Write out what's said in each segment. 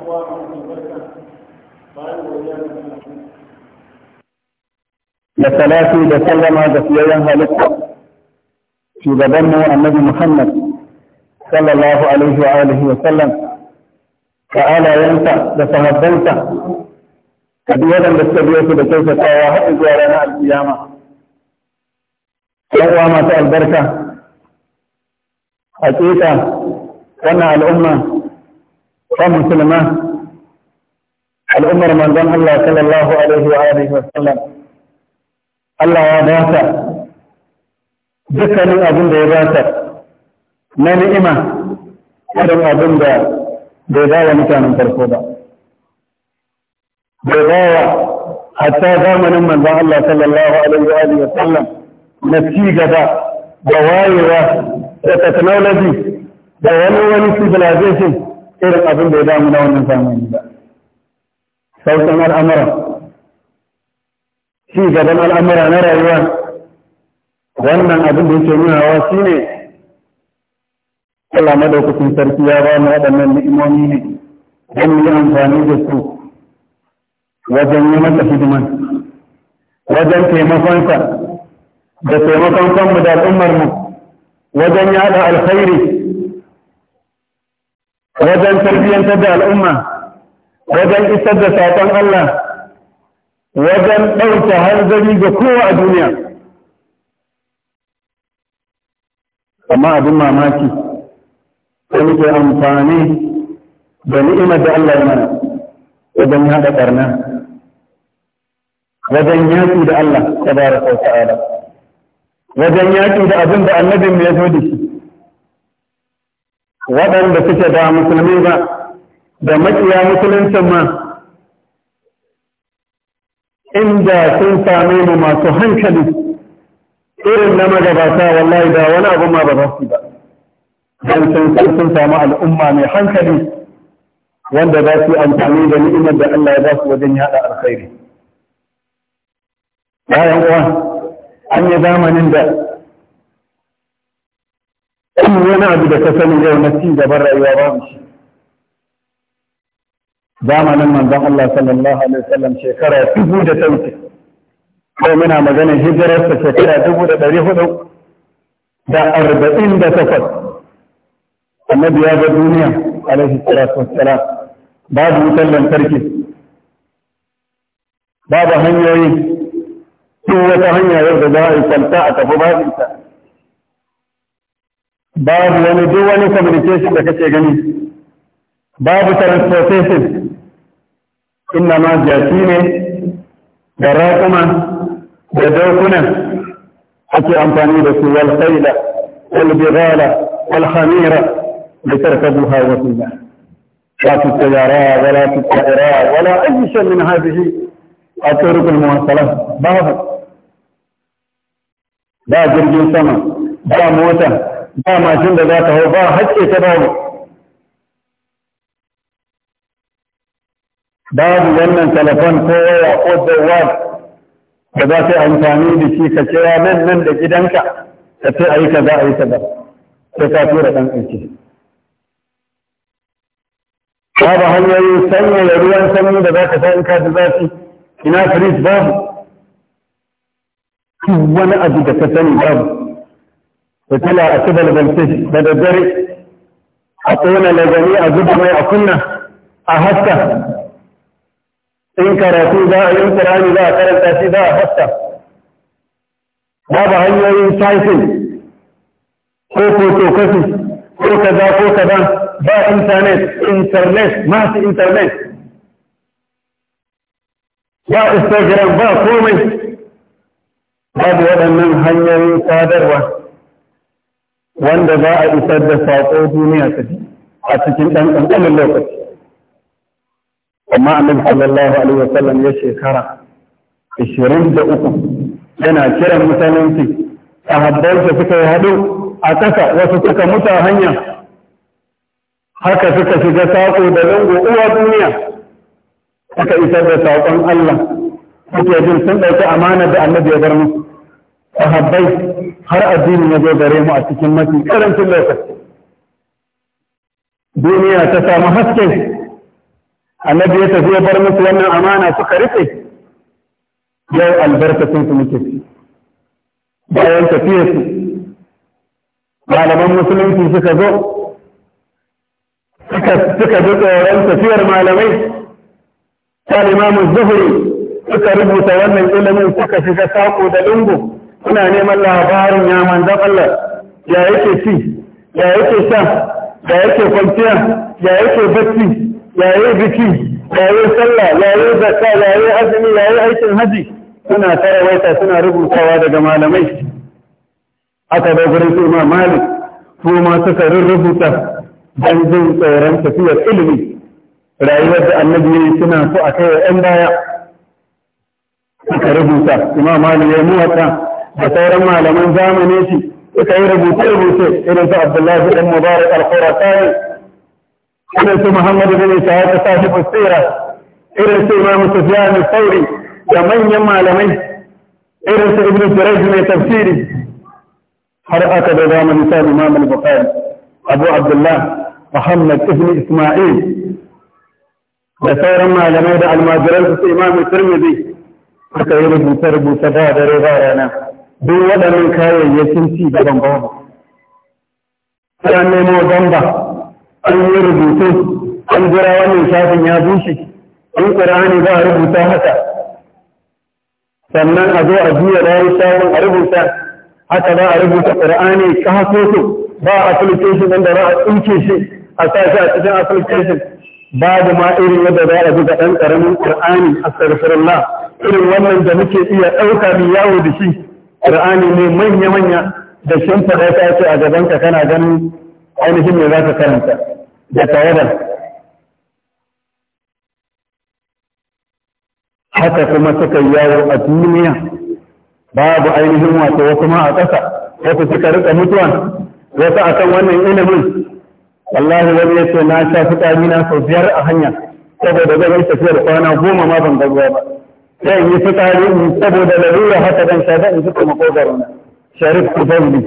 abubuwa masu barka bayan godiya ga da salatu da sallama ga fiyayyen halitta shugabanmu annabi Muhammad sallallahu alaihi wa alihi wa sallam da alayensa da sahabbansa da duk waɗanda suka biyo su da kyautatawa har zuwa ranar alkiyama uwa masu albarka hakika wannan al'umma صلى الله الأمر من ذنب الله صلى الله عليه وآله وسلم الله يباتا ذكني أبن ذي باتا من إما أرم أبن ذا ذي ذا ومكان ترفوضا ذي حتى زمن من ذنب الله صلى الله عليه وآله وسلم نتيجة دوائرة وتكنولوجي دوائرة وليس بلاجيسي irin abin da ya damu na wannan zamani ba Sautan al'amura shi gaban al'amura na rayuwa wannan abin da yake nunawa shi ne Allah madaukakin sarki ya ba mu waɗannan ni'imomi ne don mu yi amfani da su wajen yi masa hidiman wajen taimakonsa da taimakon kanmu da al'ummarmu wajen yaɗa alkhairi wajen tarbiyyantar da al'umma wajen isar da saƙon Allah wajen ɗauke hanzari ga kowa a duniya amma abin mamaki sai ke amfani da ni'imar da Allah mana wajen haɗa ƙarna wajen yaƙi da Allah ta bara sau ta'ala wajen yaƙi da abin da annabin ya zo da shi waɗanda suke ba musulmi ba da makiya musuluncin ma inda sun same mu masu hankali irin na magabata wallahi da wani abu ma ba za su ba don sun san sun samu al'umma mai hankali wanda za su yi amfani da ni'imar da Allah ya ba su wajen yada alkhairi bayan uwa an yi zamanin da in wani abu da ka sani yau na ci gaban rayuwa babu shi zamanin manzon Allah sallallahu alaihi wasallam shekara dubu da ta wuce sai muna maganar hijirarsa shekara dubu da ɗari hudu da arba'in da takwas annabi ya ga duniya alaihi salatu wassalam babu wutar lantarki babu hanyoyi duk wata hanya yau da za a yi kwanta a tafi babinta babu wani duk wani communication da kake gani babu transportation inna ma jaki ne da raƙuma da dokunan ake amfani da su wal khayla wal bighala wal khamira litarkabuha wa tunna لا الطيارات ولا الطائرات ولا أي شيء من هذه الطرق المواصلات باب لا جرج سما لا موتى ba mashin da za ta hau ba hakke ta babu babu wannan telefon ko waya ko dawar da za ta yi amfani da shi ka kira nan nan da gidanka ka ce a yi kaza a yi kaza sai ka tura ɗan aiki babu hanyoyin sanyaya ruwan sanyi da za ka sa in ka ji zafi ina firij babu wani abu da ka sani babu وطلع كده لبنتج بدا داري حطونا لجميع جبه ما يعقلنا اهتا انكراتي دا انكراني دا كرنتاتي دا اهتا بابا هنو ينسايفل كوكو توكسي كوكا دا كوكا دا دا انترنت انترنت ما في انترنت دا استجرام با كومي بابا ودن من هنو ينسادر واسه wanda za a isar da saƙo duniya ta a cikin ɗan ƙanƙanin lokaci amma amin sallallahu alaihi wasallam ya shekara ishirin da uku yana kiran musulunci sahabbai da suka yi haɗu a ƙasa wasu suka mutu a hanya haka suka shiga saƙo da lungu uwa duniya aka isar da saƙon Allah suke jin sun ɗauki amana da annabi ya bar musu sahabbai har addini ya zo gare mu a cikin mafi karancin lokaci duniya ta samu haske annabi ya tafi ya bar musu wannan amana suka rufe yau albarkacin su muke ci bayan tafiyar su malaman musulunci suka zo suka ji tsoron tafiyar malamai ta limamin zuhuri suka rubuta wannan ilimin suka shiga saƙo da lungu kuna neman labarin ya manzan Allah ya yake ci ya yake sha ya yake kwanciya ya yake bacci ya yi biki ya yi sallah ya yi zakka ya yi azumi ya yi aikin haji suna tarawaita suna rubutawa daga malamai aka da gurin su ma malik su ma suka rubuta dan jin tsoron tafiyar ilimi rayuwar da annabi ne suna so a kai wa 'yan baya aka rubuta imam malik ya muwata da sauran malaman zamani shi suka yi rubuce-rubuce irin su Abdullahi ɗan Mubarak al-Khurasani irin su Muhammadu bin Isa ya kasa shi basira irin su Imam Sufyan al-Thawri da manyan malamai irin su Ibn Jurayj mai tafsiri har aka da zamani sa Imam al-Bukhari Abu Abdullah Muhammad ibn Isma'il da sauran malamai da almajiran su Imam Tirmidhi suka yi rubuce-rubuce da dare ba rana duk waɗannan kayayyakin ci gaban babu an nemo gamba an yi rubutu an jira wannan shafin ya bushe in ƙur'ani ba a rubuta haka sannan a zo a juya bayan shafin a rubuta haka ba a rubuta ƙur'ani ka haso ba application ɗin da ba a ɗauke shi a sa shi a cikin application babu ma irin yadda za a buga ɗan ƙaramin ƙur'ani a la irin wannan da muke iya ɗauka mai yawo da shi Qur'ani ne manya-manya da shimfiɗa ta ce a gabanka kana ganin ainihin me za ka karanta da tawadar. Haka kuma suka yawo a duniya babu ainihin wato wasu ma a ƙasa wasu suka rika mutuwa wasu akan wannan ilimin wallahi wani ya ce na sha fitami na sau biyar a hanya saboda zan yi tafiyar kwana goma ma ban gazuwa ba. zan yi fitsari in saboda lalura haka zan sha zan zuka makogaro na sharif ku zauni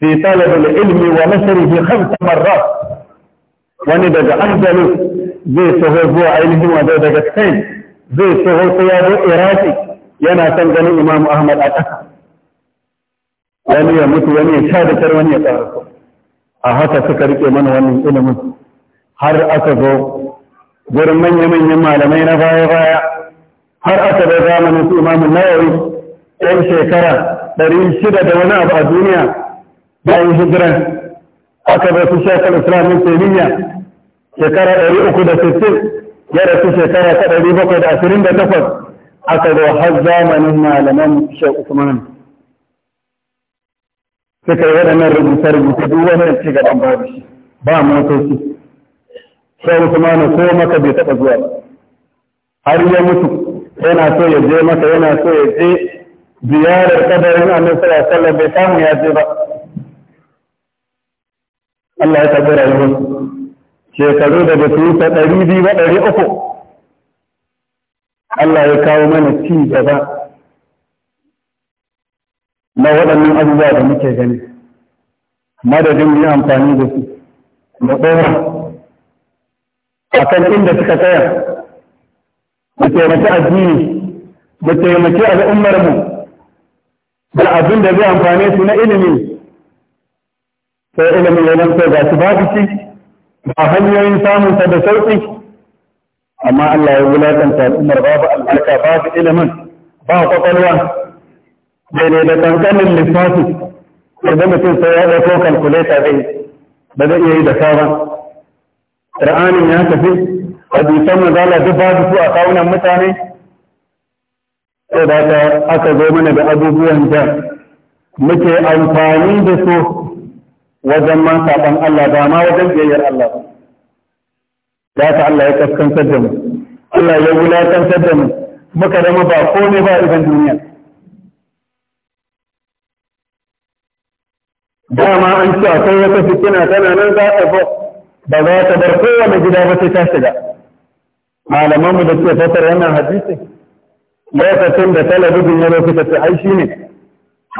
fi talabul ilmi wa nashrihi khamsa marrat wani daga anzalu zai taho zuwa ainihin wanda daga spain zai taho sai ya zo iraki yana son ganin imam ahmad a ƙasa wani ya mutu wani ya sha da kyar wani ya ƙara a haka suka rike mana wannan ilimin har aka zo gurin manya-manyan malamai na baya-baya har aka da zamanin su imamun nawawi ɗan shekara ɗari shida da wani abu a duniya bayan hijiran aka bai su shekar islamin taimiyya shekara ɗari uku da sittin ya rasu shekara ta ɗari bakwai da ashirin da takwas aka zo har zamanin malaman shek usman suka yi waɗannan rubuce-rubuce duk wani ci gaban babu shi ba motoci shek usman ko maka bai taɓa zuwa har ya mutu yana so ya je maka yana so ya je ziyarar kabarin annabi sallallahu alaihi wasallam bai samu ya je ba Allah ya tabbata rayuwar shekaru da ba su yi ta ɗari biyu ba ɗari uku Allah ya kawo mana ci gaba na waɗannan abubuwa da muke gani madadin mu yi amfani da su da tsoron a kan inda suka tsaya mu taimaki addini mu taimaki al'ummar mu da abin da zai amfane su na ilimi sai ilimin ya zanto ga su babu shi ba hanyoyin samun sa da sauƙi amma Allah ya wulakanta al'ummar babu albarka babu ilimin ba kwakwalwa daidai da kankanin lissafi idan mutum sai ya ɗauko kalkuleta zai ba zai iya yi da sabon. Ra'anin ya tafi hadisan mazala duk babu su a kawunan mutane sai da ta aka zo mana da abubuwan da muke amfani da su wajen ma saɓan Allah ba ma wajen biyayyar Allah ba. Da ta Allah ya kaskantar da mu, Allah ya wulatantar da mu, muka zama ba komai ba idan duniya. Dama an ce akwai wata fitina tana nan za ta ba za ta bar kowane gida ba sai ta shiga. malamanmu da suke fasar wannan hadisi lokacin da talabijin ya suka ce ai shi ne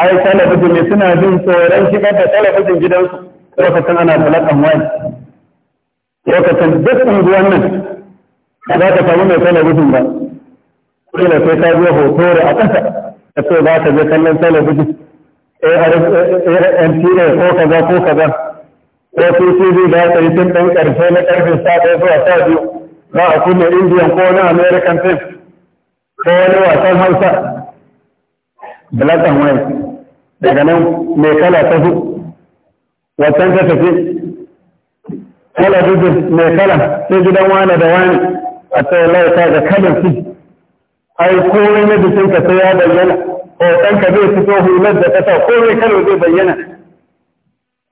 ai talabijin ne suna jin tsoron shigar da talabijin gidansu lokacin ana talakan wani lokacin duk unguwan nan ba za ka samu mai talabijin ba kila sai ka biya hotore a ƙasa ka ce za ka je kallon talabijin ARMTA ko kaza ko kaza ko PCB za ka yi tun ɗan ƙarshe na ƙarfe sa ɗaya zuwa sa biyu za a kunna indiyan ko wani american film ko wani wasan hausa black and white daga nan mai kala ta fi wasan ta tafi kala dubin mai kala sai gidan wane da wani a tsaye laifa ga kalan fi ai komai na ka sai ya bayyana ko ɗanka zai fito hular da kasa mai kalo zai bayyana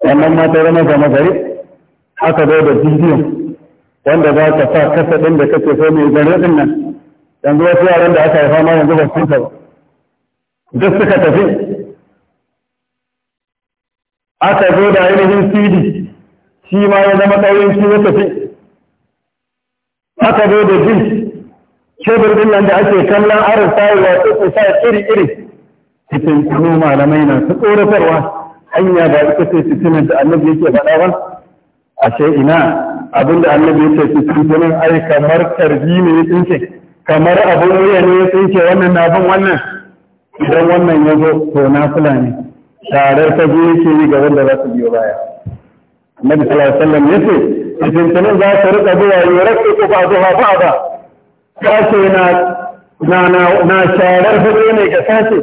wannan mata zama gama gari haka zai da bidiyon wanda za ka sa kasa ɗin da kake so mai gare ɗin nan yanzu wasu yaran da aka haifa ma yanzu ba su ba duk suka tafi aka zo da ainihin cd shi ma ya zama ɗaurin shi ya tafi aka zo da jin shebur ɗin nan da ake kallon arin sayarwa ko sa iri-iri cikin kuno malamai na su tsoratarwa hanya ba ita ce cikin da annabi yake faɗa ba ashe ina Abin abinda annabi ya ce su fitinin ai kamar karbi ne ya tsinke kamar abin wuya ne ya tsinke wannan na bin wannan idan wannan ya zo to na fula ne sharar ta biyu yake yi ga wanda za su biyo baya annabi sallallahu alaihi wasallam ya ce fitinin za su rika zuwa ya rasa ko ba zuwa ba ba sace na na na na sharar hudu ne ga sace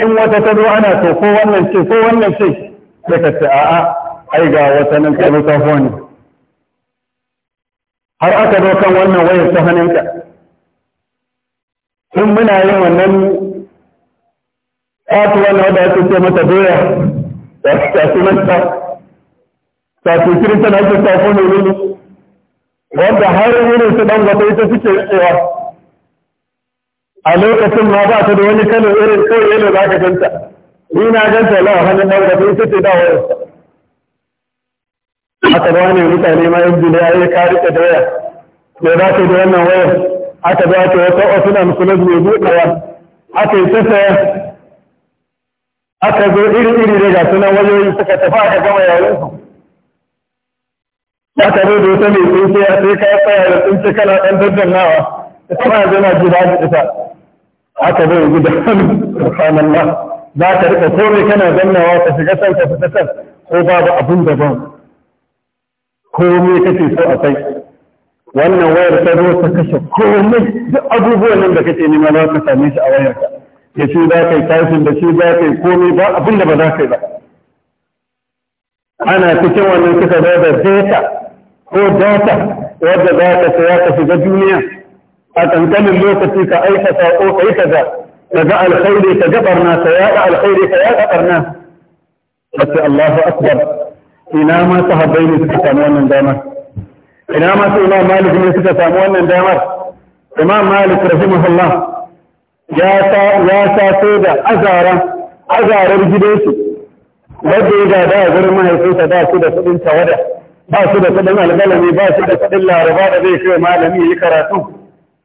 in wata ta zo ana to ko wannan ce ko wannan ce sai ka ce a'a ai ga wata nan kai mutafa ne har aka zo kan wannan wayar ta hannunka in muna yin wannan ƙatu wannan wadda ake ce mata doya da ta fi mata ta fi kirista na ake tafi kuma ne wanda har wurin su ɗan wata ita suke cewa a lokacin ma ba ta da wani kanin irin kawai yana za ka ganta ni na ganta lawa hannun ɗan wata ita ce da wayarsa aka ba ne mutane ma yanzu da yayi ka rike da waya me za ka da wannan waya aka ba ta wata ofina musulun mai buɗewa aka yi ta saya aka zo iri-iri da ga sunan wayoyi suka tafi aka gama yayin su aka zo da wata mai tsinke a sai ka tsaya da tsinke kana ɗan daddannawa ta kuma yanzu na ji da ita aka zo yanzu da hannu subhanallah za ka rika komai kana zannawa ka shiga can ka fita can ko babu abin daban komai kake so akwai wannan wayar ta zo ta kashe komai duk abubuwan nan da kake nema za ka same shi a wayarka da shi za ka yi tashin da shi za ka yi komai ba abin da ba za ka yi ba ana cikin wannan suka zo da data ko data wadda za ka saya ka shiga duniya a kankanin lokaci ka aika sako ka yi kaza ka ga alkhairi ka ga barna ka yaɗa alkhairi ka yaɗa barna. Wasu Allahu Akbar ina ma sahabbai ne suka samu wannan damar ina ma su imam malik ne suka samu wannan damar imam malik rahimahullah ya sa ya sa da azara azarar gidansu wanda ya gada a gurin mahaifinsa ba su da kuɗin tawada ba su da kuɗin algalami ba su da kuɗin laraba da zai kai malami ya yi karatu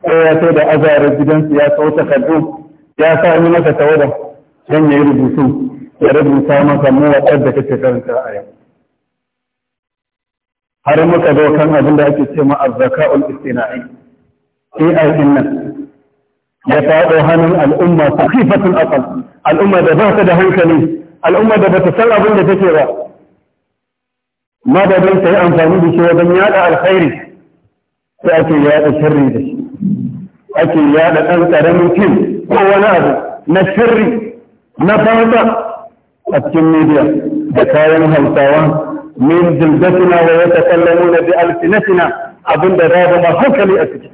sai ya sai da azarar gidansu ya sau takardu ya sa yi masa tawada don ya yi rubutu ya rubuta masa mu waɗanda kake karanta a yau har muka zo kan abin da ake ce ma azzaka'ul istina'i AI din nan ya faɗo hannun al'umma su kifatun akal al'umma da ba ta da hankali al'umma da ba ta san abin da take ba ma da don ta yi amfani da shi wajen yaɗa alkhairi sai ake yaɗa sharri da shi ake yaɗa ɗan ƙaramin fim ko wani abu na sharri na fata a cikin media da kayan hausawa من جلدتنا ويتكلمون بألسنتنا أبن دباب ما حكى لي أسجي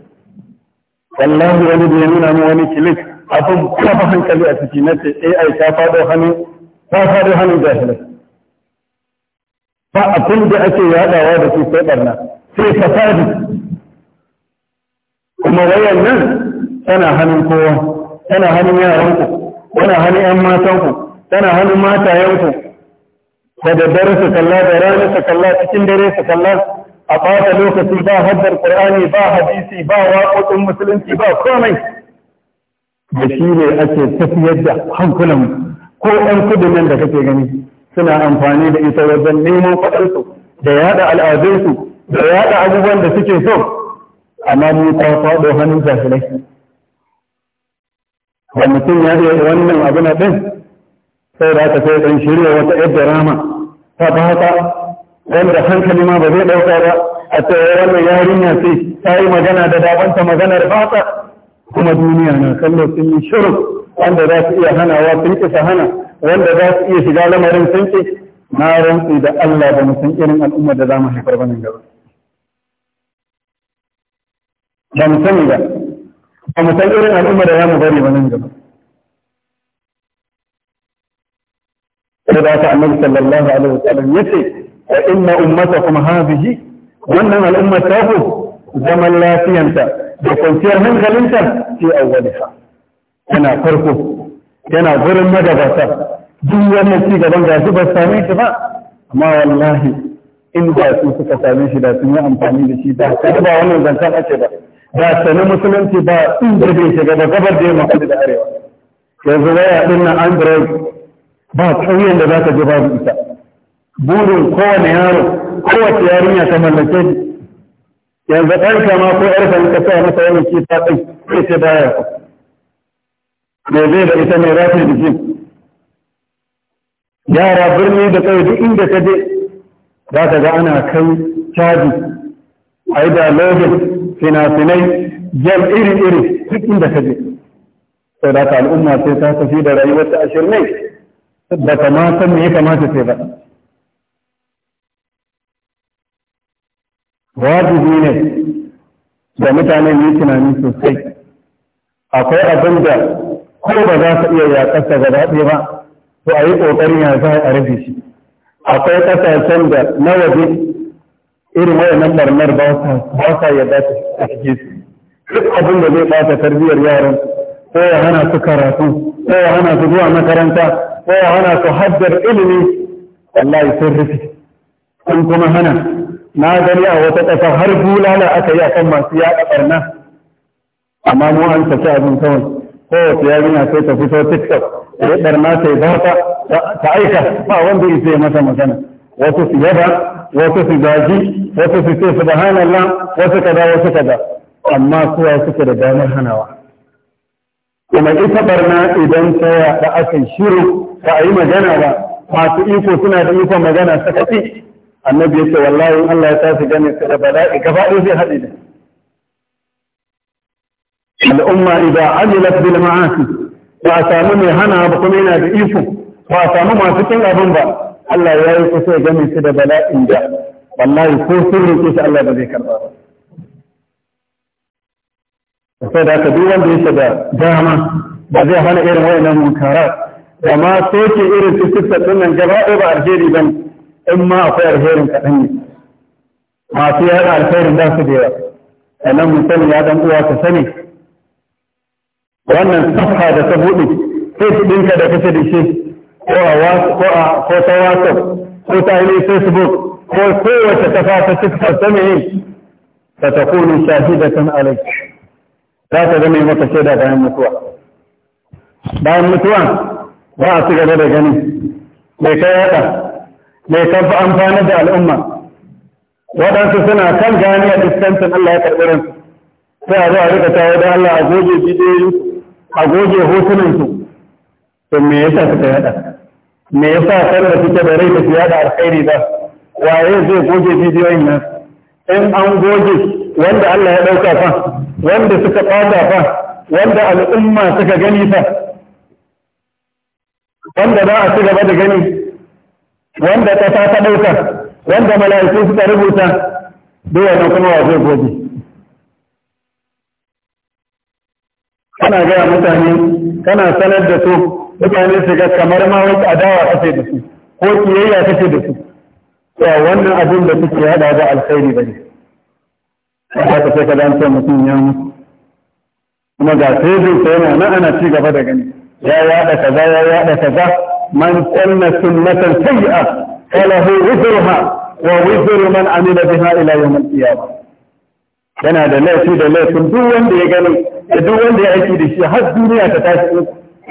والله ولي بيمين أمواني كليك أبن كفا حكى لي أسجي نتي إيه أي أي كفا دوحني كفا دوحني جاهلة فأبن دعتي يا أبا وابكي سيبرنا في فساد كما ويأنا أنا هني قوة أنا هني يا رمك أنا هني أما توقف أنا هني ما تايوتك da daddare su kalla da rana su kalla cikin dare su kalla a ɓata lokaci ba haddar ƙur'ani ba hadisi ba waƙoƙin musulunci ba komai da shi ne ake tafiyar da hankulan ko ɗan kudin nan da kake gani suna amfani da ita wajen neman kuɗinsu da yaɗa al'adunsu da yaɗa abubuwan da suke so amma mu ta faɗo hannun jahilai da ya iya wannan abu na ɗin sai da aka sai ɗan shirya wata yadda rama ta fata wanda hankali ma ba zai ɗauka ba a tsaye wannan yarinya ce ta yi magana da dabanta maganar fata kuma duniya na kallon sun yi shiru wanda za su iya hanawa sun ƙi hana wanda za su iya shiga lamarin sun ƙi na rantsi da Allah ba mu san irin al'ummar da za mu haifar ba nan gaba. Ba mu sani ba, ba mu san irin al'ummar da za mu bari ba nan gaba. sai da annabi sallallahu alaihi wasallam yace wa inna ummatakum hadhihi wannan al'umma ta ku zaman lafiyanta da kwanciyar hankalinta ce awwaliha yana farko yana gurin madabata duk wannan ci gaban ga su ba same shi ba amma wallahi in ba su suka same shi da sun yi amfani da shi da kada ba wannan zantan ake ba da sanin musulunci ba in da bai shiga da gabar da yamma kudu da arewa yanzu waya din nan android ba ƙauyen da za ka je babu ita burin kowane yaro kowace yarinya ta mallake shi yanzu ɗanka ma ko ƴarka in ka sa masa wani shi ta ɗai sai ce baya me zai da ita mai rafi da yara birni da ƙauye duk inda ka je za ka ga ana kai caji a da lobin fina-finai jam iri-iri duk inda ka je sai da al'umma sai ta tafi da rayuwar ta ashirin ba kama ma san me ya kamata sai ba wajibi ne da mutanen yi tunani sosai akwai abin da ko ba za ka iya yaƙarsa ga daɗe ba to a yi ƙoƙarin ya za a rufe shi akwai ƙasashen da na waje irin wayannan barnar ba sa yarda ta shige su duk abin da zai ɓata tarbiyyar yaran ko ya hana su karatu ko ya hana su zuwa makaranta ko ya hana su haddar ilimi ya sun rufi. sun kuma hana na gani a wata ƙasa har bulala aka yi a kan masu yaɗa ɓarna amma mu an saki abin kawai kowace yarinya sai ta fito tiktok ya ɓarna sai ba ta aika ba wanda ya sai masa magana wasu su yaba wasu su gaji wasu su ce subhanallah wasu kaza wasu kaza amma kowa suke da damar hanawa kuma ita barna idan ta yaɗa akan shiru ba a yi magana ba masu iko suna da ikon magana suka ci annabi ya ce wallahi Allah ya tashi gane su da bala'i gaba ɗaya zai haɗe da al'umma idan amilat bil ma'asi ba a samu mai hana ba kuma yana da iko ba a samu masu cin abin ba Allah ya yi kusa ya gane su da bala'in da wallahi ko sun roƙe Allah ba zai karɓa ba sai da duk wanda yake da dama ba zai hana irin wayannan munkara amma soke irin fiskista din nan gaba ɗaya ba alheri ban in ma akwai alherin kaɗan ne masu yaɗa alherin za su da yawa sannan mutum ya dan uwa ka sani wannan safa da ta buɗe sai ɗinka da kake da shi ko a ko a ko ta whatsapp ko ta ainihin facebook ko kowace kafa ta fiskar ta mai yin ta takuni shahidatan alaiki za ka zama yi mata shaida bayan mutuwa bayan mutuwa ba a ci gaba da gani mai kai yada mai kafa amfani da al'umma waɗansu suna kan gani a distantin Allah ya karɓi ransu sai a zo a rika tawo da Allah a goge bidiyoyi a goge hotunansu to me yasa suka yada me yasa kan da suke da rai da su yada alkhairi ba waye zai goge bidiyoyin nan in an goge wanda Allah ya ɗauka fa wanda suka ɓata fa wanda al'umma suka gani fa wanda za a ci gaba da gani wanda ƙasa ta ɗauka wanda mala'iku suka rubuta duk wannan kuma waje gobe. kana gaya mutane kana sanar da su mutane su ga kamar ma wani adawa kake da su ko kiyayya kake da su Ya wannan abin da suke hada da alkhairi bane haka sai ka dan mutum ya mutu kuma ga sai ta yana nan ana ci gaba da gani ya yada kaza ya yada kaza man sanna sunnatan sayyi'a falahu wizruha wa wizru man amila biha ila yawm al-qiyamah yana da laifi da laifin duk wanda ya gani da duk wanda ya aiki da shi har duniya ta tashi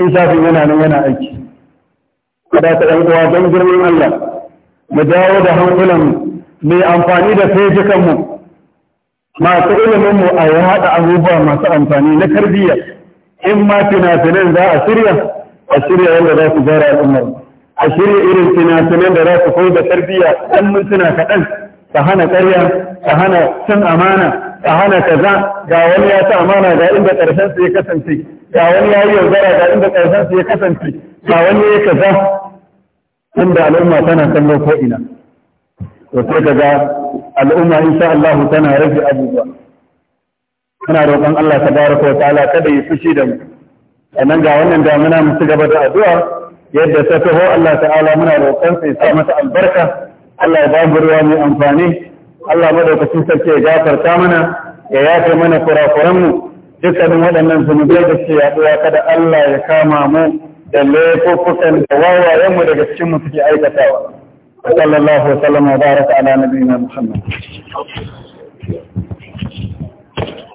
in shafi yana nan yana aiki kada ta dan uwa don girman Allah mu dawo da hankulan mai amfani da sai mu masu ilimin mu a yaɗa abubuwa masu amfani na tarbiyya in ma fina-finan za a shirya a shirya wanda za su gyara al'ummar a shirya irin fina-finan da za su koyi da tarbiyya ɗan mintuna kaɗan ta hana ƙarya ta hana cin amana ta hana kaza ga wani ya ci amana ga inda ƙarshen su ya kasance ga wani ya yi yaudara ga inda ƙarshen su ya kasance ga wani ya kaza inda al'umma tana kallon ko'ina to sai ka ga al'umma insha Allah tana rage abubuwa muna roƙon Allah tabaraka wa ta'ala kada yi fushi da mu sannan ga wannan damuna mu ci gaba da addu'a yadda ta taho Allah ta'ala muna roƙon sai sa mata albarka Allah ya ba mu ruwa mai amfani Allah madaukakin sarki ya gafarta mana ya yafe mana kurakuran mu dukkanin waɗannan zunubai da suke yaɗuwa kada Allah ya kama mu da laifukan. da wawayen mu daga cikin mu suke aikatawa وصلى الله وسلم وبارك على نبينا محمد